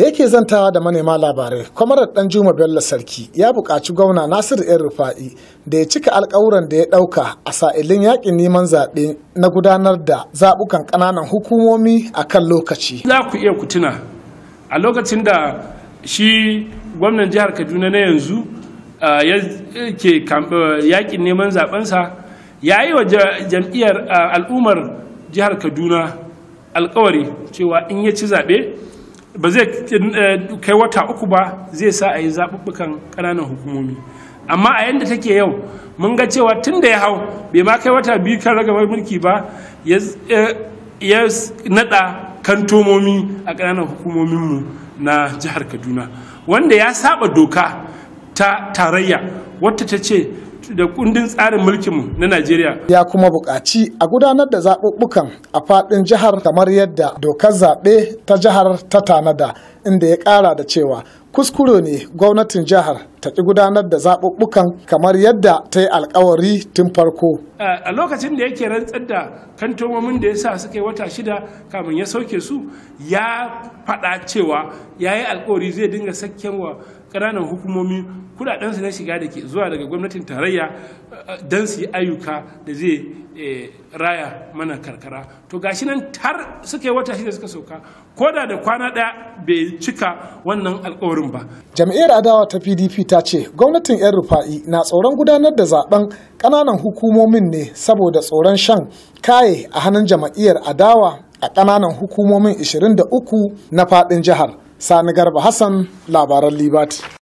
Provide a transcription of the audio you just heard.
da yake zantawa da manema labarai kwamarar dan juma bello sarki ya buƙaci gwamna nasiru yan rufa'i da ya cika alkawuran da ya ɗauka a sa'ilin yaƙin neman zaɓe na gudanar da zaɓukan ƙananan hukumomi a kan lokaci za ku iya kutuna a lokacin da shi gwamnan jihar kaduna na yanzu ke yaƙin neman zaɓensa ya yi wa jam'iyyar al'ummar jihar kaduna alkawari cewa in ya ci zaɓe ba zai kai wata uku ba zai sa a yi zaɓuɓɓukan ƙananan hukumomi amma a yadda take yau mun ga cewa tun da ya hau bai ma kai wata biyu kan ragamar mulki ba ya naɗa kantomomi a ƙananan hukumominmu na jihar kaduna wanda ya saba doka ta tarayya wata ta ce da kundin tsarin mulkinmu na Najeriya. Ya kuma buƙaci a gudanar da zaɓuɓɓukan a faɗin jihar kamar yadda dokar zaɓe ta jihar ta tanada inda ya ƙara da cewa kuskure ne gwamnatin jihar ta ki gudanar da zaɓuɓɓukan kamar yadda ta yi alkawari tun farko. a lokacin da yake rantsar da kantomomin da ya sa suka yi wata shida kamun ya sauke su ya faɗa cewa ya yi alkawari zai dinga sakken wa ƙananan hukumomi su na shiga da ke zuwa daga gwamnatin tarayya don su yi ayyuka da zai e, raya mana karkara to gashi nan tar suka yi wata shida suka sauka ko da da kwana ɗaya bai cika wannan alkawarin wurin ba jam'iyyar adawa ta pdp ta ce gwamnatin 'yan rufa'i na tsoron gudanar da zaben kananan hukumomin ne saboda tsoron shan kaye a hannun jam'iyyar adawa a kananan hukumomin 23 na fadin jihar sani garba hassan labaran libat